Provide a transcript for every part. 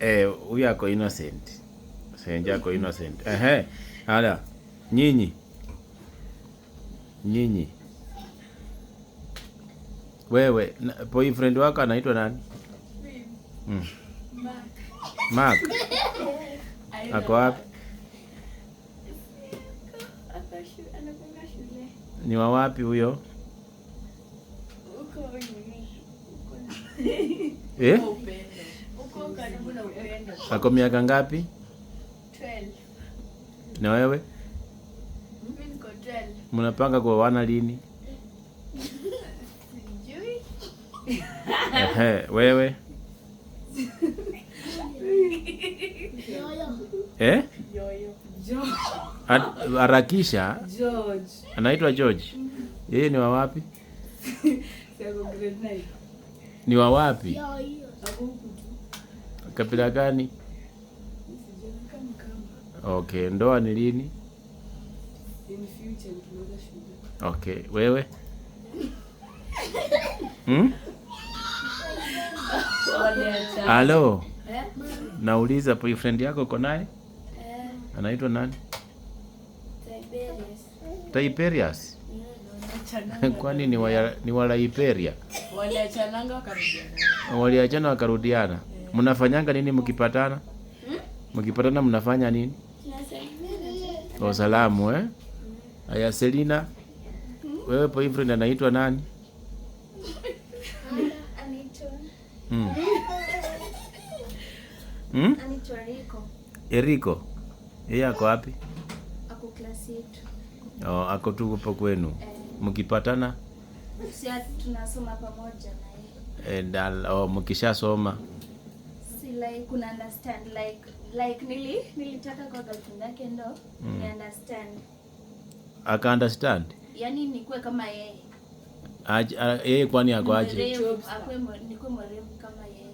Eh, huyu eh, ako innocent Senja ako innocent eh, eh. Hala nyinyi nyinyi, wewe boyfriend wako anaitwa nani? mm. Mark. Mark ako wapi? ni wa wapi huyo? eh? Ako miaka ngapi? 12. Na wewe? Mimi niko 12. Mnapanga kuoana lini? Sijui. Ehe, wewe? Eh? Jojo. Harakisha. George. Anaitwa George. Mm-hmm. Yeye ni wa wapi? Ni wa wapi? kabila gani? Okay, ndoa ni lini? Okay, wewe hmm? Halo, nauliza boyfriend yako uko naye Eh. anaitwa nani? Tiberius. Kwani ni wa ni wa Liberia? Waliachana wakarudiana. Mnafanyanga nini mkipatana? Hmm? Mkipatana mnafanya nini? O, oh, salamu eh? Aya, Selina hmm? wewe boyfriend anaitwa nani? Hmm. Hmm? Eriko yeye ako wapi? Ako klasi yetu. Oh, ako tu hapo kwenu eh. Mkipatana tunasoma pamoja na yeye eh, oh, mkishasoma like una understand like like nili nilitaka kwa girlfriend yake ndo mm. ni understand aka understand yani ni kwa kama yeye aje yeye kwani ako aje? ni kwa mwerevu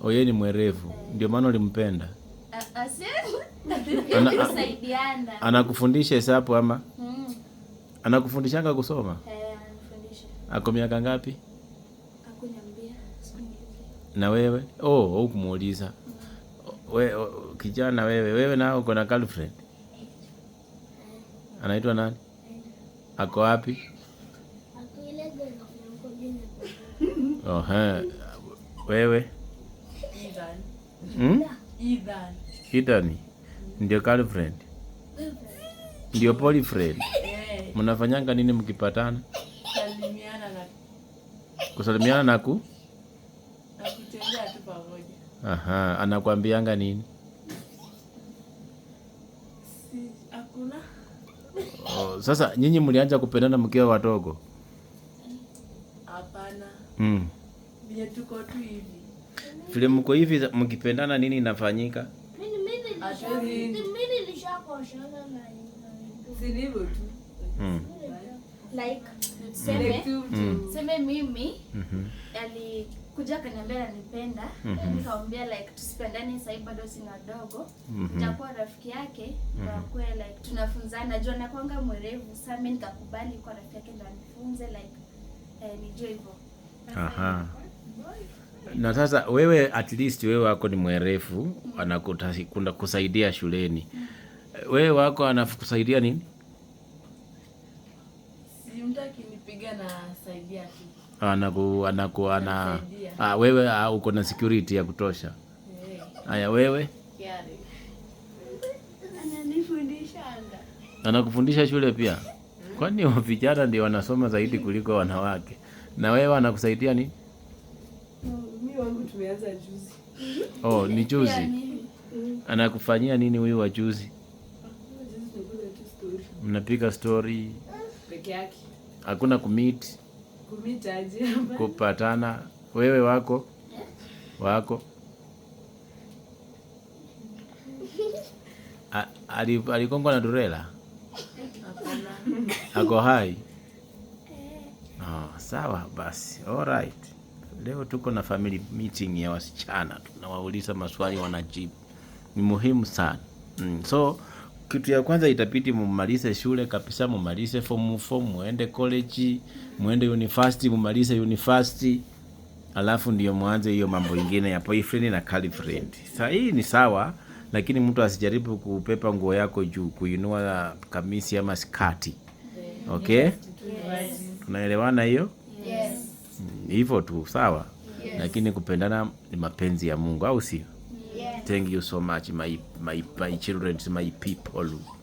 Oh, yeye ni mwerevu eh. ndio maana ulimpenda. Anakufundisha hesabu ama mm. anakufundishanga kusoma? Eh, ako miaka ngapi na wewe? Oh, hukumuuliza we, o, kijana wewe wewe nao uko na girlfriend anaitwa nani? Ako wapi? Oha, wewe hmm? Idhani ndio girlfriend ndio boyfriend. Mnafanyanga nini mkipatana? Kusalimiana na ku Aha, anakuambianga nini? Si, Oh, sasa nyinyi mlianza kupendana mkiwa watogo? Hapana. Mm. Vile tuko tu hivi. Vile mko hivi mkipendana nini inafanyika? Mimi mimi nishakoshana na. Si hivyo tu. Mm like seme seme mm. mimi mm-hmm. alikuja akaniambia ananipenda, mm-hmm. nikamwambia like bado mm-hmm. rafiki yake na like tunafunzana, jua mwerevu. Sasa nikakubali kwa rafiki yake ndo anifunze like eh, nijue Na sasa wewe, at least wewe wako ni mwerefu mwerevu, mm. kusaidia shuleni, mm. wewe wako anakusaidia nini? anaku, anaku, ana, ah, wewe ah, uko na security ya kutosha haya. Wewe anakufundisha shule pia, kwani vijana ndio wanasoma zaidi kuliko wanawake? Na wewe anakusaidia nini? Oh, ni juzi. Anakufanyia nini huyu wa juzi? Mnapiga story peke yake hakuna kumit kupatana. Wewe wako wako alikongwa na Durela ako hai. Oh, sawa basi, alright. Leo tuko na family meeting ya wasichana, tunawauliza maswali wanajibu, ni muhimu sana mm. so kitu ya kwanza itabidi mumalize shule kabisa, mumalize form four, muende college, muende university, mumalize university, alafu ndio mwanze hiyo mambo ingine ya boyfriend na girlfriend. Sasa hii ni sawa, lakini mtu asijaribu kupepa nguo yako juu, kuinua kamisi ama skati. Okay, tunaelewana hiyo? Mm, hivyo tu sawa, lakini kupendana ni mapenzi ya Mungu, au sio? Thank you so much, my my my children, my people.